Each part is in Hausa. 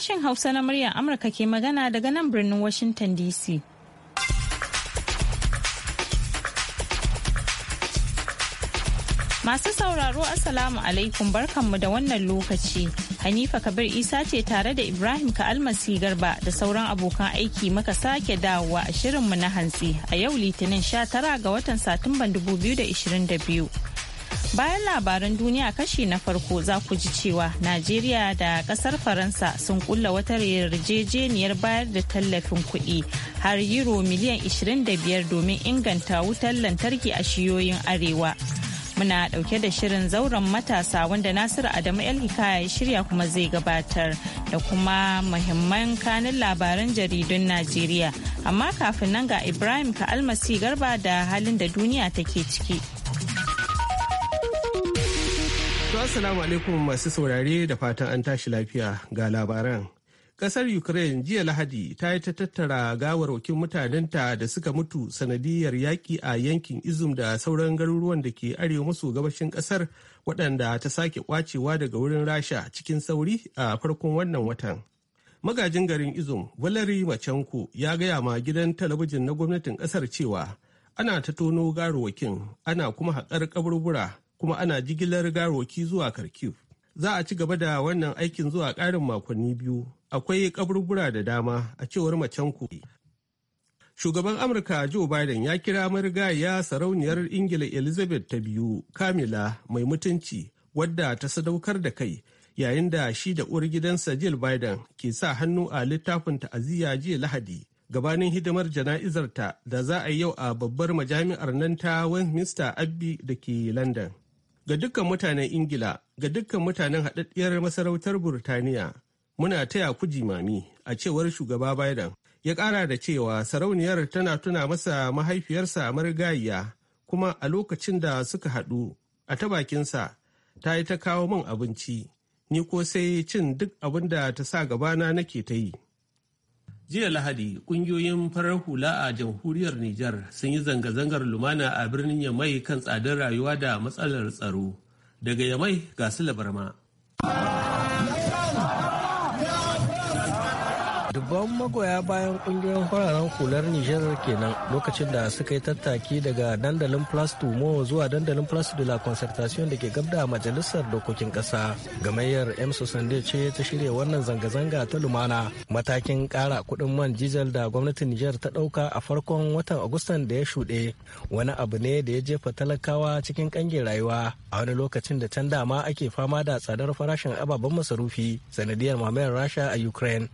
Sashen Hausa na muryar Amurka ke magana daga nan birnin Washington DC. Masu sauraro Assalamu alaikum barkanmu da wannan lokaci. Hanifa Kabir Isa ce tare da Ibrahim Ka'almasi Garba da sauran abokan aiki muka sake dawowa a shirinmu na hantsi a yau Litinin 19 ga watan Satumban 2022. Bayan labaran duniya kashi na farko za ku ji cewa Najeriya da kasar Faransa sun kulla wata yarjejeniyar bayar da tallafin kuɗi har euro miliyan 25 domin inganta wutar lantarki a shiyoyin arewa. Muna ɗauke da shirin zauren matasa wanda Nasiru Adamu Hikaya ya shirya kuma zai gabatar da kuma muhimman kanin labaran jaridun Najeriya. Amma kafin nan ga Ibrahim ka almasi garba da halin da duniya take ciki. assalamu alaikum masu saurare da fatan an tashi lafiya ga labaran. Kasar Ukraine jiya Lahadi ta yi ta tattara gawar gawarwakin mutanenta da suka mutu sanadiyar yaƙi a yankin Izum da sauran garuruwan da ke arewa maso gabashin kasar waɗanda ta sake kwacewa daga wurin Rasha cikin sauri a farkon wannan watan. Magajin garin Izum, valeri Machenko ya gaya ma gidan talabijin na gwamnatin kasar cewa ana ta tono gawarwakin ana kuma haƙar kaburbura kuma ana jigilar garoki zuwa Kharkiv. Za a ci gaba da wannan aikin zuwa ƙarin makonni biyu. Akwai kaburbura da dama a cewar Macenku. Shugaban Amurka Joe Biden ya kira marigaya sarauniyar Ingila Elizabeth ta biyu, Kamila mai mutunci, wadda ta sadaukar da kai yayin da shi da uwar gidansa Jill Biden ke sa hannu a littafin ta'aziyya jiya Lahadi gabanin hidimar jana'izarta da za a yi yau a babbar majami'ar nan ta Westminster Abbey da ke London. ga dukkan mutanen ingila ga dukkan mutanen haɗaɗɗiyar masarautar burtaniya muna taya ku jimami a cewar shugaba biden ya ƙara da cewa sarauniyar tana tuna masa mahaifiyarsa marigayya kuma a lokacin da suka haɗu a ta bakinsa ta yi ta kawo min abinci ni ko sai cin duk abin da ta sa gabana nake ta yi Jiya Lahadi, kungiyoyin farar hula a jamhuriyar Nijar sun yi zanga-zangar lumana a birnin Yamai kan tsadar rayuwa da matsalar tsaro. Daga Yamai ga Sula Barma Dubban magoya bayan kungiyoyin fararen hular Nijar kenan lokacin da suka yi tattaki daga dandalin Place mo zuwa dandalin Place de la Concertation da ke gabda majalisar dokokin kasa. Gamayyar M Sande ce ta shirya wannan zanga-zanga ta lumana matakin kara kuɗin man diesel da gwamnatin Nijar ta ɗauka a farkon watan Agustan da ya shuɗe wani abu ne da ya jefa talakawa cikin kange rayuwa a wani lokacin da can dama ake fama da tsadar farashin ababen masarufi sanadiyar mamayar Rasha a Ukraine.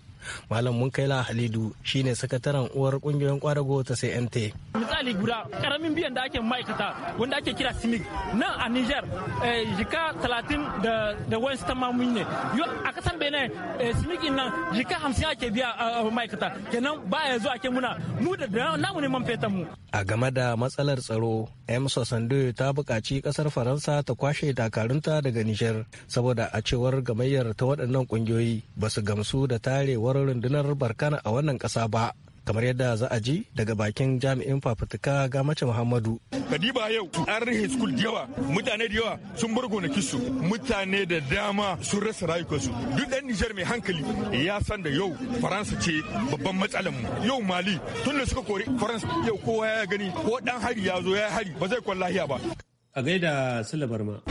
malam mun kai la halidu shine sakataren uwar kungiyoyin kwadago ta cnt misali guda karamin biyan da ake ma'aikata wanda ake kira simic nan a niger eh, jika talatin da wani tamamin ne a kasar benin eh, in nan jika hamsin ake biya ma'aikata kenan ba ya zuwa ake muna mu da namu ne man fetan mu a game da matsalar tsaro emso sandoyo ta buƙaci kasar faransa ta kwashe dakarunta daga niger saboda a cewar gamayyar ta waɗannan ƙungiyoyi ba su gamsu da tarewar manufar rundunar barkana a wannan ƙasa ba kamar yadda za a ji daga bakin jami'in fafutuka ga mace muhammadu kadiba yau an rihe skul da yawa mutane da yawa sun bar su mutane da dama sun rasa rayukansu duk ɗan nijar mai hankali ya san da yau faransa ce babban matsalar mu yau mali tun da suka kori faransa yau kowa ya gani ko dan hari ya zo ya hari ba zai kwan ba a gaida sulabar ma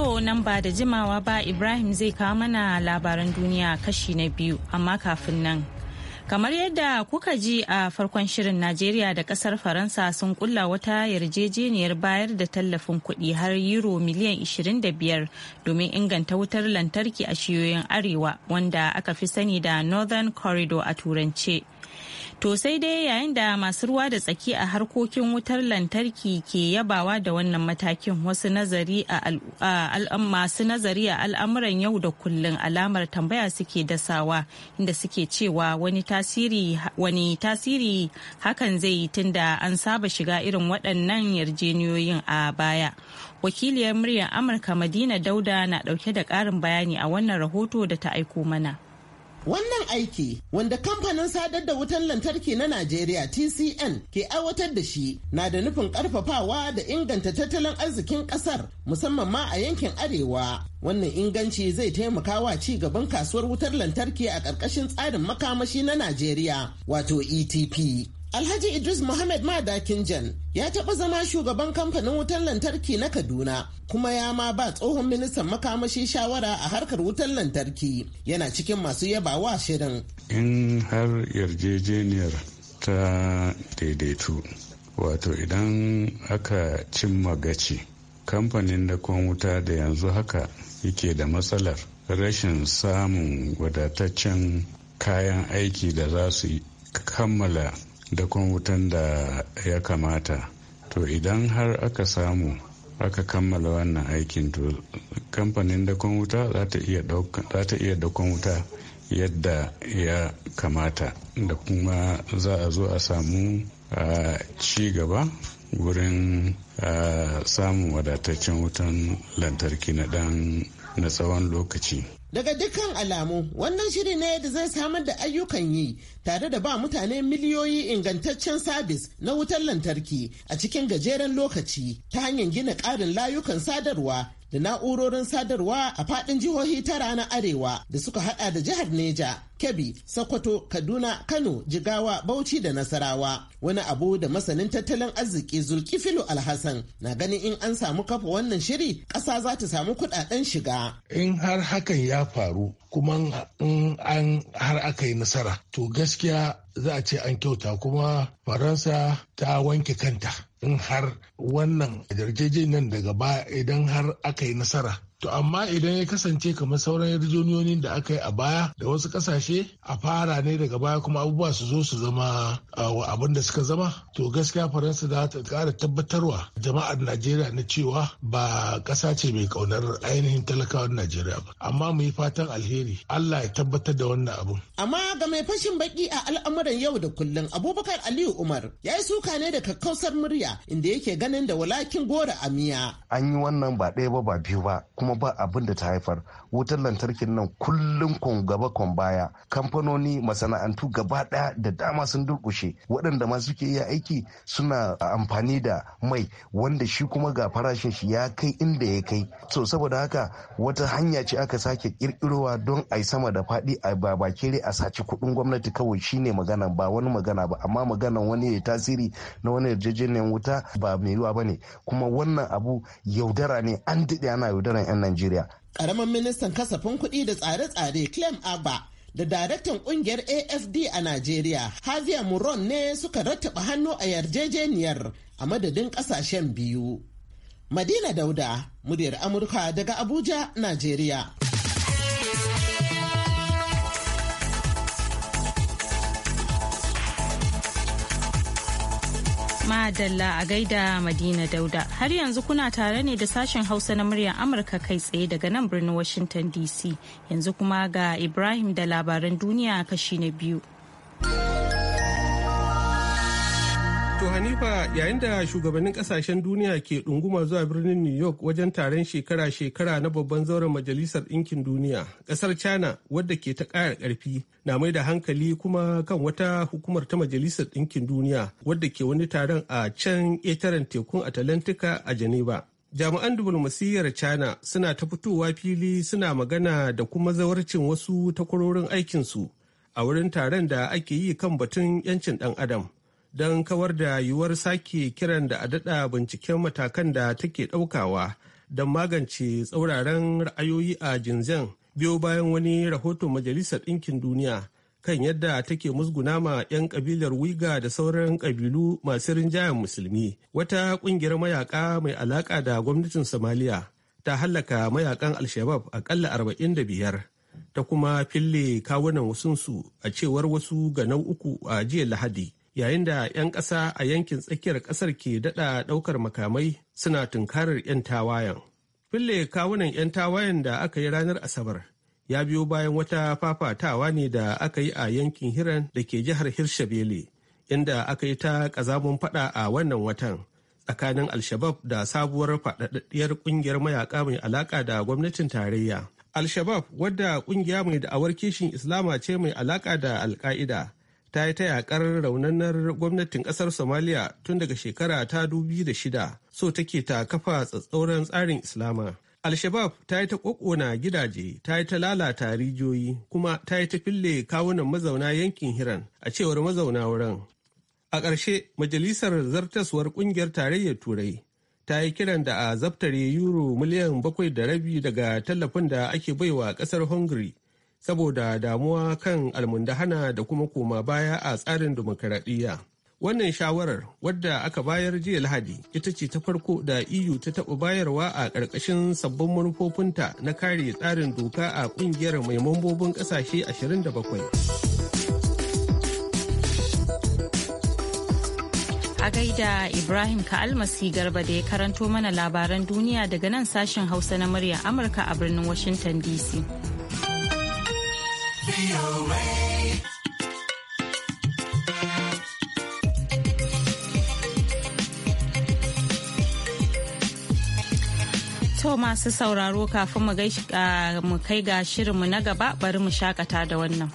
To nan ba da jimawa ba Ibrahim zai kawo mana labaran duniya kashi na biyu amma kafin nan. Kamar yadda kuka ji a farkon shirin Najeriya da kasar Faransa sun kulla wata yarjejeniyar bayar da tallafin kuɗi har euro miliyan 25 domin inganta wutar lantarki a shiyoyin arewa wanda aka fi sani da Northern Corridor a turance. To sai dai yayin da masu ruwa da tsaki a harkokin wutar lantarki ke yabawa da wannan matakin wasu nazari a masu nazari a al'amuran yau da kullun alamar tambaya suke dasawa inda suke cewa wani tasiri wani tasiri hakan zai yi tunda an saba shiga irin waɗannan yarjeniyoyin a baya. Wakiliyar muryar Amurka Madina Dauda na ɗauke da ƙarin bayani a wannan rahoto da ta aiko mana. Wannan aiki wanda kamfanin sadar da wutar lantarki na Najeriya TCN ke aiwatar da shi na da nufin karfafawa da inganta tattalin arzikin kasar musamman ma a yankin arewa. Wannan inganci zai taimaka wa ci gaban kasuwar wutar lantarki a ƙarƙashin tsarin makamashi na Najeriya wato ETP. Alhaji Idris Muhammad Madakin Jan ya taɓa zama shugaban kamfanin wutar lantarki na Kaduna kuma ya ma ba tsohon ministan makamashi shawara a harkar wutar lantarki yana cikin masu yaba wa shirin. In har yarjejeniyar ta daidaitu wato idan aka cimma gaci kamfanin da kwan wuta da yanzu haka yake da matsalar rashin samun wadataccen kayan aiki da za su kammala da kuma wutan da ya kamata to idan har aka samu aka kammala wannan aikin to kamfanin dakon wuta za ta iya dakon wuta yadda ya kamata da kuma za a zo a samu ci gaba wurin samun wadataccen wutan lantarki na dan na tsawon lokaci Daga dukkan alamu, wannan shiri ne da zai samar da ayyukan yi tare da ba mutane miliyoyi ingantaccen sabis na wutar lantarki a cikin gajeren lokaci ta hanyar gina ƙarin layukan sadarwa da na'urorin sadarwa a faɗin jihohi tara na arewa da suka hada da jihar Neja, Kebbi, Sokoto, Kaduna, Kano, Jigawa, Bauchi da Nasarawa. Wani abu da masanin tattalin arziki Zulkifilu Alhassan na ganin in an samu kafa wannan shiri ƙasa za ta samu kuɗaɗen shiga. In har hakan ya faru kuma in an har aka yi nasara to gaskiya za a ce an kyauta kuma Faransa ta wanke kanta. in har wannan yarjejeniyar daga baya idan har aka yi nasara To amma idan ya kasance kamar sauran yarjejeniyoyin da aka yi a baya da wasu kasashe a fara ne daga baya kuma abubuwa su zo su zama abin da suka zama to gaskiya faransa za ta kara tabbatarwa jama'ar najeriya na cewa ba ƙasa ce mai kaunar ainihin talakawan najeriya ba amma mu yi fatan alheri allah ya tabbatar da wannan abun. amma ga mai fashin baki a al'amuran yau da kullum abubakar aliyu umar ya yi suka ne da kakkausar murya inda yake ganin da walakin gora a miya. an yi wannan ba ɗaya ba ba biyu ba kuma ba abin da ta haifar wutar lantarkin nan kullum kun gaba kun baya kamfanoni masana'antu gaba daya da dama sun durkushe waɗanda ma suke iya aiki suna amfani da mai wanda shi kuma ga farashin shi ya kai inda ya kai to saboda haka wata hanya ce aka sake kirkirowa don a sama da faɗi a babakere a saci kuɗin gwamnati kawai shine magana ba wani magana ba amma maganan wani ya tasiri na wani yarjejeniyar wuta ba mai yiwa ba ne kuma wannan abu yaudara ne an daɗe ana yaudaran 'yan Najeriya. Karamin ministan kasafin kuɗi da tsare-tsare Clem Abba da daraktan ƙungiyar AFD a Najeriya, Javier Muron ne suka rattaba hannu a yarjejeniyar a madadin ƙasashen biyu. Madina Dauda, muryar Amurka daga Abuja, Najeriya. dalla a gaida Madina Dauda. Har yanzu kuna tare ne da sashen Hausa na muryar Amurka kai tsaye daga nan birnin Washington DC. Yanzu kuma ga Ibrahim da labaran duniya kashi na biyu. To Hanifa yayin da shugabannin kasashen duniya ke ɗunguma zuwa birnin New York wajen taron shekara-shekara na babban zauren Majalisar Ɗinkin Duniya, ƙasar China wadda ke ta ƙayar ƙarfi na mai da hankali kuma kan wata hukumar ta Majalisar Ɗinkin Duniya wadda ke wani taron a can ƙetaren tekun Atalantika a Geneva. Jami'an diflomasiyyar China suna ta fitowa fili suna magana da kuma zawarcin wasu takwarorin aikinsu a wurin taron da ake yi kan batun 'yancin ɗan adam. don kawar da yiwuwar sake kiran da a daɗa binciken matakan da take ɗaukawa don magance tsauraran ra'ayoyi a Jinzan biyo bayan wani rahoton Majalisar Ɗinkin Duniya kan yadda take musguna ma 'yan ƙabilar Wiga da sauran ƙabilu masu rinjayen musulmi. Wata ƙungiyar mayaka mai alaƙa da gwamnatin Somalia ta hallaka mayakan Alshabab da biyar, ta kuma fille kawunan wasunsu a cewar wasu ga uku a jiya lahadi yayin da 'yan ƙasa a yankin tsakiyar ƙasar ke daɗa ɗaukar makamai suna tunkarar 'yan tawayen. Fille kawunan 'yan tawayen da aka yi ranar Asabar ya biyo bayan wata fafatawa ne da aka yi a yankin Hiran da ke jihar Hirshabele, inda aka yi ta ƙazamin faɗa a wannan watan tsakanin Alshabab da sabuwar faɗaɗɗiyar ƙungiyar mayaƙa mai alaƙa da gwamnatin tarayya. Alshabab wadda ƙungiya mai da'awar kishin Islama ce mai alaƙa da Alƙa'ida. ta yi ta yakar raunanar gwamnatin kasar somalia tun daga shekara ta dubi da shida so take ta kafa tsatsauran tsarin islama al-shabab ta yi ta kokona gidaje ta yi ta lalata rijiyoyi kuma ta yi ta fille kawunan mazauna yankin hiran a cewar mazauna wurin a ƙarshe majalisar zartaswar ƙungiyar tarayyar turai ta yi kiran da a zaftare yuro miliyan bakwai da rabi daga tallafin da ake baiwa ƙasar hungary saboda damuwa kan almundahana da kuma koma baya a tsarin dimokuraɗiyya. Wannan shawarar wadda aka bayar jiya Lahadi ita ce ta farko da EU ta taɓa bayarwa a ƙarƙashin sabbin manufofinta na kare tsarin doka a ƙungiyar mai mambobin ƙasashe 27. A gaida Ibrahim ka Almasi Garba da ya karanto mana labaran duniya daga nan sashen Hausa na murya Amurka a birnin Washington DC. To masu sauraro kafin uh, mu kai ga shirinmu na gaba bari mu shakata da wannan.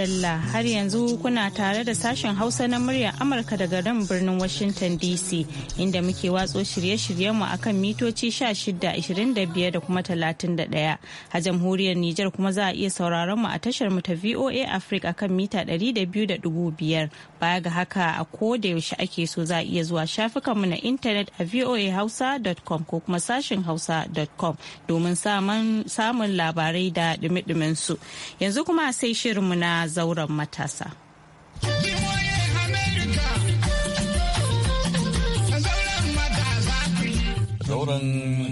Madalla har yanzu kuna tare da sashen Hausa na murya Amurka daga nan birnin Washington DC inda muke watso shirye-shiryenmu a kan mitoci 1625 da kuma 31 a jamhuriyar Nijar kuma za a iya sauraron mu a tashar mu ta VOA Africa akan mita 200.5 baya ga haka a ko da yaushe ake so za a iya zuwa shafukan mu na intanet a voahausa.com ko kuma sashin hausa.com domin samun labarai da dumi su yanzu kuma sai shirinmu na zauren matasa.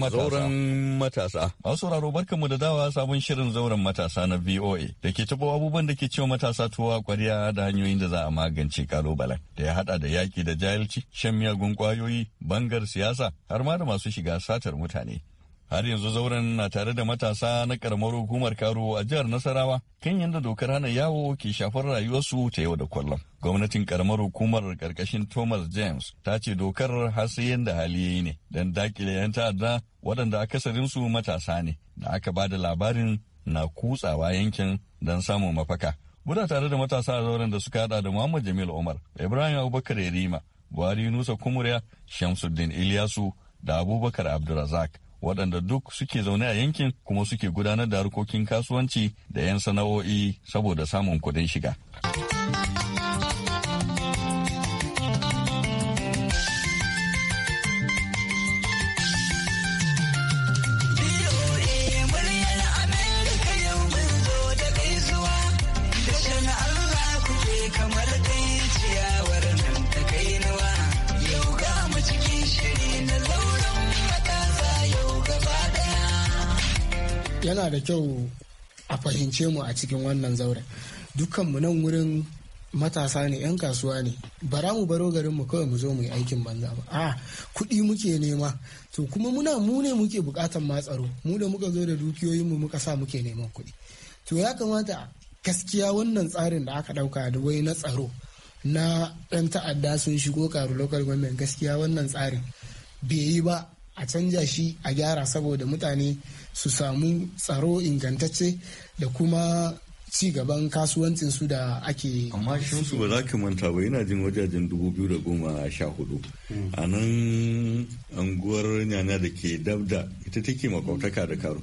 zauren matasa. Masu sauraro mu da dawa sabon shirin zauren matasa na VOA da ke tabo abubuwan da ke cewa matasa tuwa kwariya da hanyoyin da za a magance kalubalen da ya haɗa da yaki da jahilci, shan miyagun kwayoyi, bangar siyasa har ma da masu shiga satar mutane. har yanzu zauren na tare da matasa na karamar hukumar karo a jihar nasarawa kan yadda dokar hana yawo ke shafar rayuwarsu ta yau da kullum gwamnatin karamar hukumar karkashin thomas james ta ce dokar har sai yadda hali yayi ne don dakile yan ta'adda waɗanda su matasa ne da aka ba da labarin na kutsawa yankin don samun mafaka muna tare da matasa a zauren da suka hada da muhammad jamil umar ibrahim abubakar yarima buhari nusa kumuriya shamsuddin ilyasu da abubakar abdulrazak waɗanda duk suke zaune a yankin kuma suke gudanar da harkokin kasuwanci da 'yan sana'o'i saboda samun kuɗin shiga. yana da kyau a fahimce mu a cikin wannan zauren dukkanmu nan wurin matasa ne 'yan kasuwa ne bara mu baro garin mu kawai mu zo mu yi aikin banza ba a kuɗi muke nema to kuma muna mu ne muke bukatan tsaro mu da muka zo da dukiyoyin mu muka sa muke neman kuɗi to ya kamata gaskiya wannan tsarin da aka ɗauka da wai na tsaro na 'yan ta'adda sun shigo karu local government gaskiya wannan tsarin bai yi ba a canja shi a gyara saboda mutane su samu tsaro ingantacce da kuma ci gaban kasuwancin su da ake amma su ba za ka manta ba yana jin wajajen 2014 a nan anguwar nyana da ke dabda ita take makwautaka da karo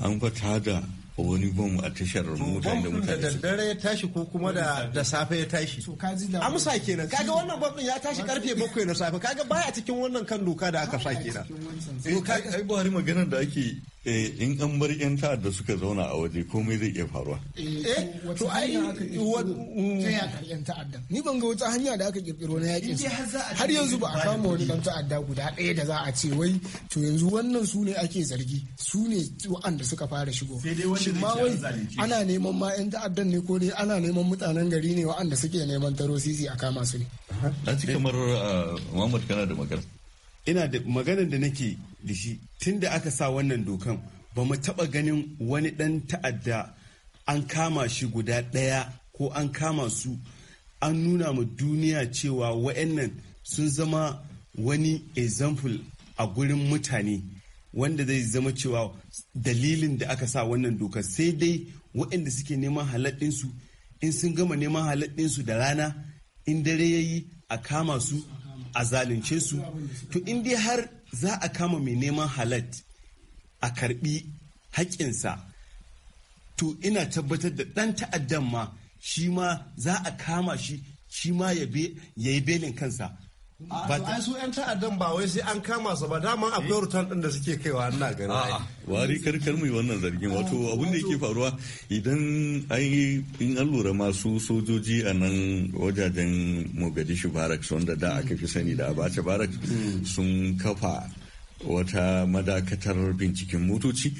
an fata da wani bom a tashar mutane da mutane da daddare ya tashi ko kuma da safe ya tashi amsa kenan kaga wannan bom din ya tashi karfe bakwai na safe kaga baya cikin wannan kan doka da aka sa kenan to kaga ai buhari maganar da ake Eh, in an bar yan ta'adda suka zauna a waje komai zai iya faruwa. Eh, to ai ta'adda ni ban ga wata hanya da aka kirkiro na yakin har yanzu ba a kama wani dan ta'adda guda ɗaya da za a ce wai to yanzu wannan su ne ake zargi su ne wa'anda suka fara shigo shin ma wai ana neman ma yan ta'addan ne ko dai ana neman mutanen gari ne wa'anda suke neman taro sisi a kama su ne. a kamar ah, Muhammad kana da magana. ina da maganar da nake da shi tun da aka sa wannan dokan ba mu taɓa ganin wani ɗan ta'adda an kama shi guda ɗaya ko an kama su an nuna ma duniya cewa wa'annan sun zama wani example a gurin mutane wanda zai zama cewa dalilin da aka sa wannan doka sai dai waɗanda suke neman halaɗinsu in sun gama neman halaɗinsu da rana in dare ya yi a kama su a zalunce su to in dai har za a kama mai neman halat a karbi haƙƙinsa to ina tabbatar da ɗan ta'addan ma shi ma za a kama shi shi ma ya yi belin kansa ai su yan ta'addan ba wai sai an kama su ba dama akwai eh. rutan din da suke kaiwa ina gani wari karkar mu wannan zargin wato abin da yake faruwa idan an yi in an lura masu sojoji a nan wajajen mogadishu barak wanda da aka fi sani da abacha barak hmm. sun kafa wata madakatar binciken motoci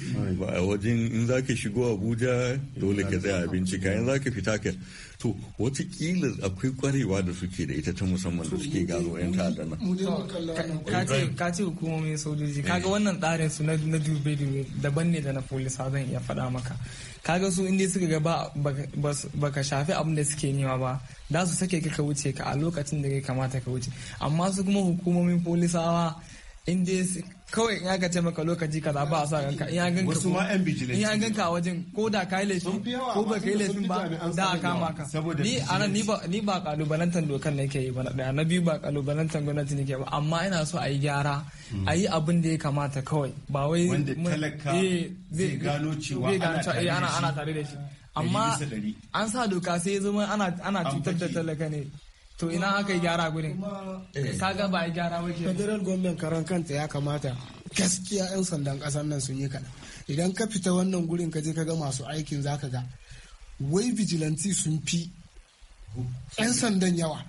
a wajen in za ka shigo abuja dole ka tsaya bincika in za ka fita ka to watakila akwai kwarewa da suke da ita ta musamman da suke gano yan ta'adda nan ka ce hukumomin sojoji kaga eh. wannan tsarin su na dube dube daban ne da na polisa zan iya faɗa maka kaga su inda suka ga ba ka shafi abin da suke nema ba da su sake ka wuce ka a lokacin da kai kamata ka wuce amma su kuma hukumomin polisawa in dai kawai in aka ce maka lokaci kaza ba a sa ganka in ya ganka wasu ma yan vigilante in ya ganka a wajen ko da kai laifi ko ba kai laifin ba da a kama ka ni ana ni ba ni ba kalubalantan dokan nake yi ba na daya na biyu ba kalubalantan gwamnati nake ba amma ina so a yi gyara hmm. a yi abin da ya kamata kawai ba wai wanda talaka eh, zai gano cewa eh, ana tare da shi amma an sa doka sai ya zama ana cutar da talaka ne to ina aka yi gyara gurin kaga eh. ba yi gyara waje federal government karan kanta ya kamata gaskiya 'yan sandan ƙasar nan sun yi kaɗan idan ka fita wannan gurin ka je ka ga masu aikin zaka ga wai vigilanti sun fi 'yan sandan yawa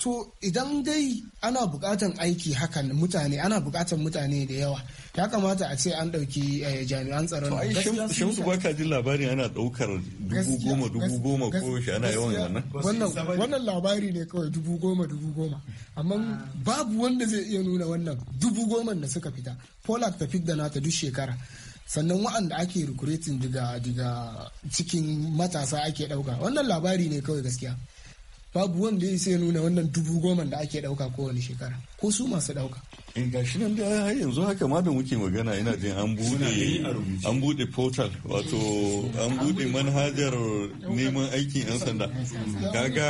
to idan dai ana bukatan aiki hakan mutane ana bukatan mutane da yawa ya kamata a ce an dauki eh, jami'an tsaron shin su baka jin labari ana daukar dubu goma dubu goma ko shi ana yawan wannan wannan labari ne kawai dubu goma dubu goma amma ah. babu wanda zai iya nuna wannan dubu goma da suka fita polak ta fidda nata duk shekara sannan waɗanda ake recruiting daga cikin matasa ake ɗauka wannan labari ne kawai gaskiya babu wanda ya sai nuna wannan dubu goma da ake dauka kowane shekara ko su masu dauka in eh, shi nan da har yanzu haka ma da muke magana ina jin an bude an bude portal wato an bude manhajar neman aikin yan sanda kaga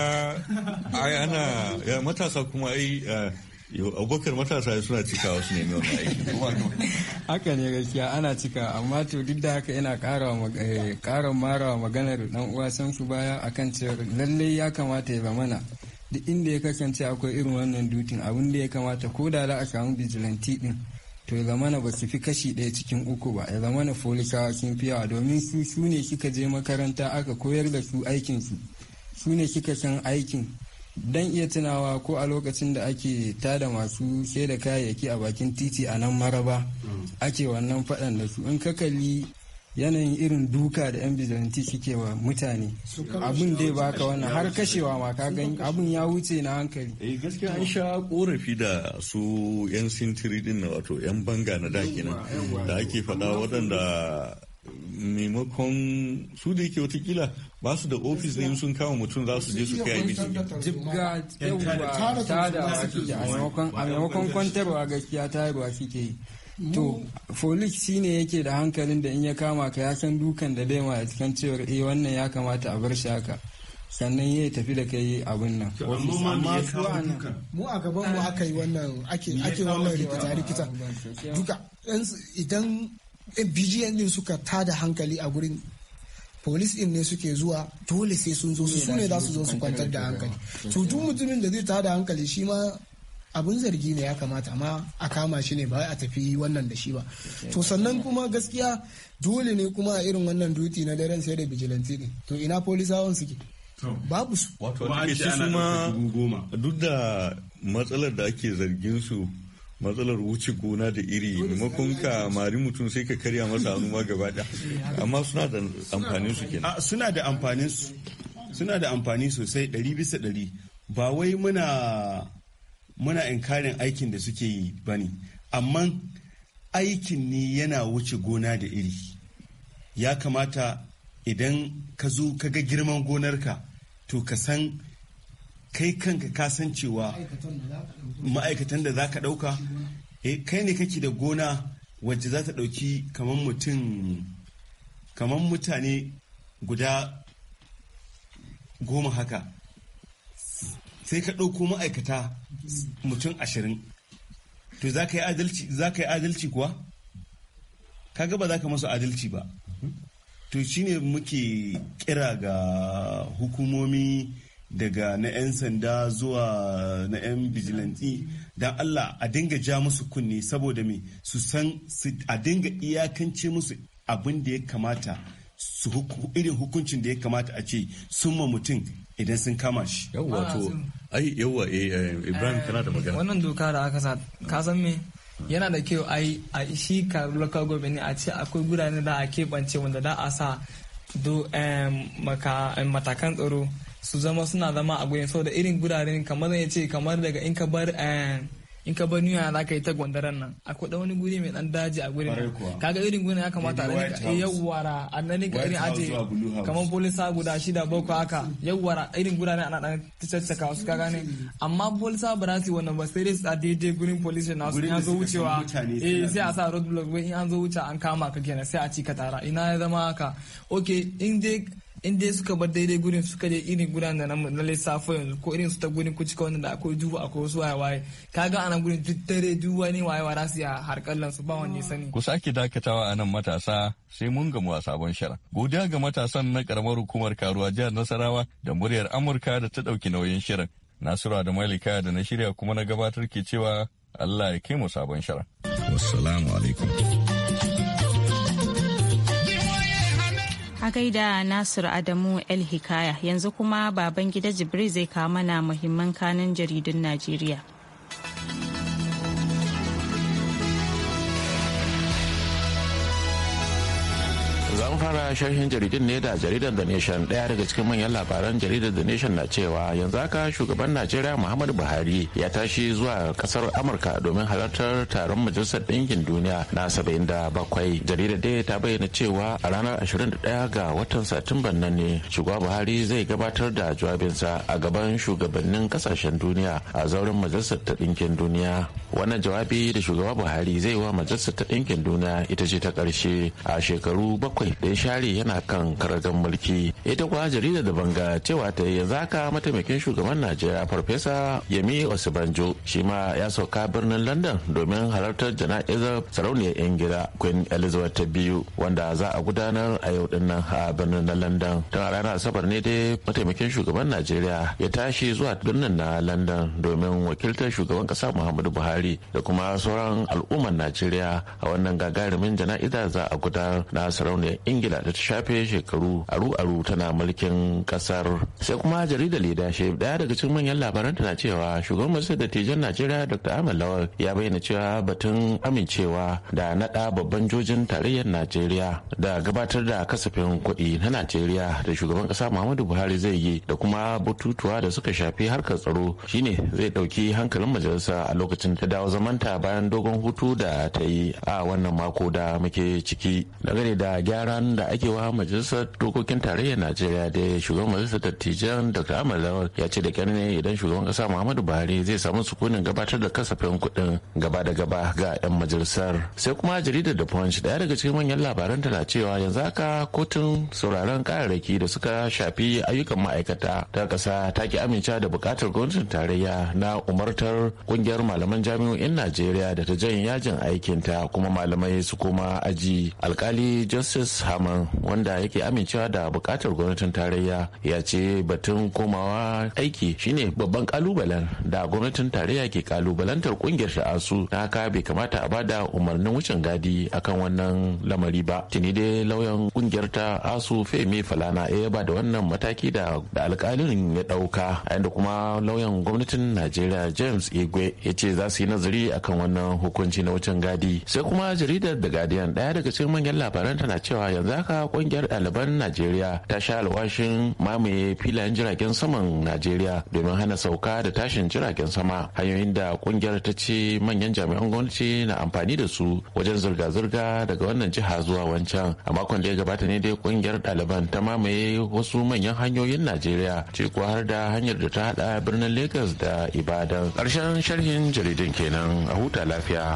ai ana ya matasa kuma ai eh, abubakar matasa suna cikawa su nemi wani aiki haka ne gaskiya ana cika amma to duk da haka yana ƙara eh, marawa maganar dan uwa sansu baya akan cewa lallai ya kamata ya mana duk inda ya kasance akwai irin wannan dutin abin da ya kamata ko da za a samu bijilanti din to ya zamana ba su fi kashi ɗaya cikin uku ba ya zamana folikawa sun fi yawa domin su su ne kika je makaranta aka koyar da su aikin su su ne kika san aikin dan iya tunawa ko a lokacin da ake tada masu sai da kayayyaki a bakin titi a nan maraba mm. ake wannan faɗan da su in ka kalli yanayin irin duka da yan bizanti suke wa mutane abin dai baka wannan har kashewa ma ka gani abin ya wuce na hankali eh gaskiya an sha korafi da su yan sintiri din na wato yan banga na da kenan da ake faɗa waɗanda maimakon su da yake watakila ba su da ofis ne sun kama mutum za su je su kai miti jibga yauwa tada suke a maimakon kwantarwa gaskiya tayarwa ke yi to folik shi ne yake da hankalin da in ya kama ka ya san dukan da lema a cikin cewar eh wannan ya kamata a bar shi haka sannan ya tafi da kai abin nan mu a gaban mu ah. aka yi wannan ake ake wannan rikita rikita ah, duka idan bgn din suka tada hankali a gurin polis din ne suke zuwa dole sai sun zo su ne za su zo su kwantar da hankali To duk mutumin da zai tada hankali shi ma abin zargi ne ya kamata amma a kama shi ne ba a tafi wannan da shi ba to sannan kuma gaskiya dole ne kuma a irin wannan duti na daren sai da vigilante ne to ina polisawan suke babu su wato duk da matsalar da ake zargin su matsalar wuce gona da iri maimakon ka mari mutum sai ka karya masa hannu ma gaba amma suna da amfanin su kenan ah, suna da amfanin su suna da amfani sosai ɗari bisa ɗari ba wai muna muna inkarin aikin da suke yi ba ne amma aikin ne yana wuce gona da iri ya kamata idan ka zo ka ga girman gonarka to ka san kai kanka ka san cewa ma'aikatan da za ka ɗauka eh, kai ne kake da gona wacce za ta ɗauki kamar mutum kamar mutane guda goma haka sai ka ɗauko ma'aikata mutum ashirin to za ka yi adalci kuwa kaga ba za ka masu adalci ba to shine muke kira ga hukumomi daga na 'yan sanda zuwa na 'yan bijilanti don Allah a dinga ja musu kunne saboda me su san a dinga iyakance musu abin da ya kamata su irin hukuncin da ya kamata a ce sun ma mutum idan sun kama shi. Yawwa ah, to ai yawwa eh, eh, Ibrahim eh, kana da magana. Wannan doka da aka sa ka san me yana da kyau a shi ka local government a ce akwai gudanar da a keɓance wanda da a sa do matakan tsaro su zama suna zama a gurin saboda irin guraren kamar ya ce kamar daga in ka bar eh, in ka bar nuya za ka yi ta gwandaran nan akwai ɗan wani guri mai ɗan daji a gurin nan kaga irin gurin ya kamata a rinka yawwara nan ka irin aje kamar polisa guda shida boko haka yawwara irin guraren ana dan tattaka wasu ka gane amma polisa ba za su wannan ba sai dai a daidai gurin police na su ya zo wucewa eh sai a sa road block in an zo wuce an kama ka kenan sai a ci ka tara ina ya zama haka okay in dai in dai suka bar daidai gurin suka je irin gudanar na na lissafo yanzu ko irin su ta gurin kuci ka wanda akwai duba akwai wasu waye kaga ana gurin duk dare duk wani waye wa rasu ya harkallan su ba wani sani ku sake dakatawa a nan matasa sai mun gamu a sabon shara godiya ga matasan na karamar hukumar karuwa jihar Nasarawa da muryar Amurka da ta dauki nauyin shirin Nasura da Malika da na shirya kuma na gabatar ke cewa Allah ya kai mu sabon shara wassalamu alaikum A gaida Nasiru Adamu El Hikaya yanzu kuma baban gida jibril zai kawo mana muhimman kanin jaridun Najeriya. fara sharhin jaridin ne da jaridar The Nation daya daga cikin manyan labaran jaridar The Nation na cewa yanzu haka shugaban Najeriya Muhammadu Buhari ya tashi zuwa kasar Amurka domin halartar taron Majalisar Ɗinkin Duniya na 77. Jaridar da ta bayyana cewa a ranar 21 ga watan Satumban nan ne shugaba Buhari zai gabatar da jawabinsa a gaban shugabannin kasashen duniya a zauren Majalisar ta Ɗinkin Duniya. Wannan jawabi da shugaba Buhari zai wa Majalisar ta Ɗinkin Duniya ita ce ta karshe a shekaru bakwai da ya share yana kan karagan mulki ita kuwa jaridar da banga cewa ta yanzu haka mataimakin shugaban najeriya farfesa yemi osibanjo shi ma ya sauka birnin london domin halartar jana'izar sarauniyar yan gida queen elizabeth ta biyu wanda za a gudanar a yau din nan a birnin na london tun a ranar asabar ne dai mataimakin shugaban najeriya ya tashi zuwa birnin na london domin wakiltar shugaban kasa muhammadu buhari da kuma sauran al'ummar najeriya a wannan gagarumin jana'iza za a gudanar na sarauniyar ingila da ta shafe shekaru aru-aru tana mulkin kasar sai kuma jaridar leadership daya daga cikin manyan labaran tana cewa shugaban majalisar dattijan najeriya dr ahmad lawal ya bayyana cewa batun amincewa da naɗa babban jojin tarayyar najeriya da gabatar da kasafin kuɗi na najeriya da shugaban kasa muhammadu buhari zai yi da kuma batutuwa da suka shafi harkar tsaro shine zai ɗauki hankalin majalisa a lokacin ta dawo zamanta bayan dogon hutu da ta yi a wannan mako da muke ciki dangane da gyaran da ake wa majalisar dokokin tarayyar najeriya da shugaban majalisar dattijan dr ahmad lawal ya ce da kyar idan shugaban kasa muhammadu buhari zai samu sukunin gabatar da kasafin kuɗin gaba da gaba ga 'yan majalisar sai kuma jaridar da punch daya daga cikin manyan labaran tana cewa yanzu haka kotun sauraron kararraki da suka shafi ayyukan ma'aikata ta kasa ta ki amince da bukatar gwamnatin tarayya na umartar kungiyar malaman jami'o'in najeriya da ta janye yajin aikinta kuma malamai su koma aji alkali justice Daman wanda yake amincewa da bukatar gwamnatin tarayya ya ce batun komawa aiki shine babban kalubalen da gwamnatin tarayya ke kalubalantar kungiyar sha'asu na haka bai kamata a bada umarnin wucin gadi akan wannan lamari ba. Tuni dai lauyan kungiyar ta asu Femi Falana ya ba da wannan mataki da alkalin ya dauka a inda kuma lauyan gwamnatin Najeriya James Igwe ya ce za su yi nazari akan wannan hukunci na wucin gadi. Sai kuma jaridar da Guardian daya daga cikin manyan labaran tana cewa yanzu Zaka haka kungiyar ɗaliban najeriya ta sha alwashin mamaye filayen jiragen saman najeriya domin hana sauka da tashin jiragen sama hanyoyin da kungiyar ta ce manyan jami'an gwamnati na amfani da su wajen zirga-zirga daga wannan jiha zuwa wancan a makon da ya gabata ne dai kungiyar ɗaliban ta mamaye wasu manyan hanyoyin najeriya ko har da hanyar da ta haɗa birnin lagos da ibadan ƙarshen sharhin jaridun kenan a huta lafiya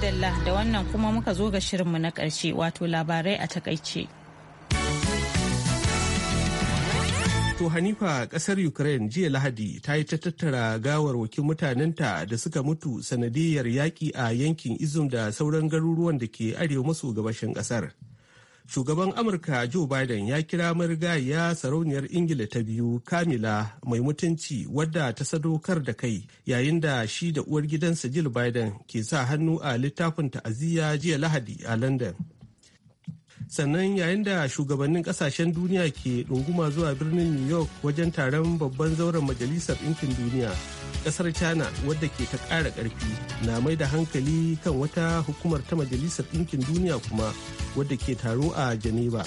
madalla da wannan kuma muka zo ga shirinmu na ƙarshe wato labarai a takaice. To Hanifa ƙasar Ukraine jiya Lahadi ta yi ta tattara gawarwakin mutanenta da suka mutu sanadiyar yaƙi a yankin Izum da sauran garuruwan da ke arewa maso gabashin ƙasar. shugaban amurka joe biden ya kira marigayiya sarauniyar ingila ta biyu kamila mai mutunci wadda ta sadaukar da kai yayin da shi da uwar gidansa jill biden ke sa hannu a littafin ta'aziyya jiya lahadi a london sannan yayin da shugabannin kasashen duniya ke ɗunguma zuwa birnin new york wajen taron babban zauren majalisar ɗinkin duniya ƙasar china wadda ke ta ƙara ƙarfi na mai da hankali kan wata hukumar ta majalisar ɗinkin duniya kuma wadda ke taro a geneva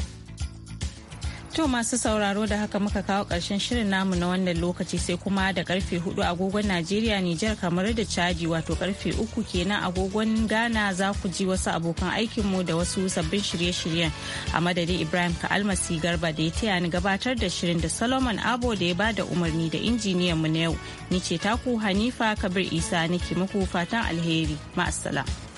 To masu sauraro da haka muka kawo ƙarshen shirin namu na wannan lokaci sai kuma da karfe hudu agogon Najeriya Nijar kamar da Chadi wato karfe uku kenan agogon Ghana za ku ji wasu abokan aikinmu da wasu sabbin shirye-shiryen a madadin Ibrahim ka almasi Garba da ya taya ni gabatar da shirin da Solomon Abo da ya ba da umarni da injiniyan mu na yau. Ni ce taku Hanifa Kabir Isa nake muku fatan alheri. ma'asala.